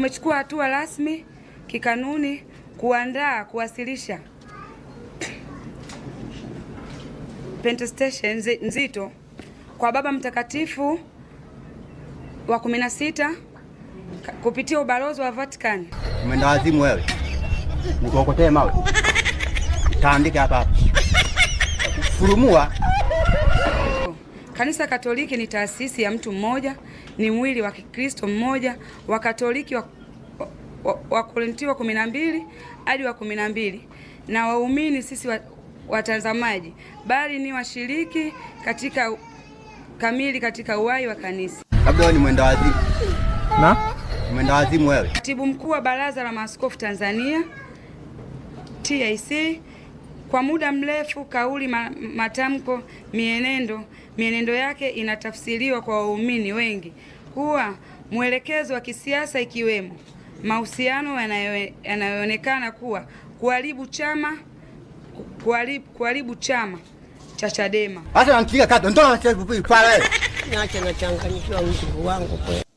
Tumechukua hatua rasmi kikanuni kuandaa kuwasilisha pentestation nzito kwa Baba Mtakatifu wa 16 kupitia ubalozi wa Vatican. Umeenda wazimu wewe, nikuokotee mawe, taandika hapa hapa, furumua Kanisa Katoliki ni taasisi ya mtu mmoja, ni mwili wa Kikristo mmoja. Wakatoliki Katoliki wa, wa, wa kumi na mbili hadi wa kumi na mbili na waumini sisi watazamaji wa bali ni washiriki katika kamili katika uhai wa kanisa. Labda ni mwenda wazimu na mwenda wazimu wewe. Katibu mkuu wa Baraza la Maaskofu Tanzania TIC kwa muda mrefu, kauli, matamko, mienendo mienendo yake inatafsiriwa kwa waumini wengi kuwa mwelekezo wa kisiasa, ikiwemo mahusiano yanayoonekana kuwa kuharibu chama kuharibu chama cha Chadema. Hata nakiga kato ndo anacheza wangu kwa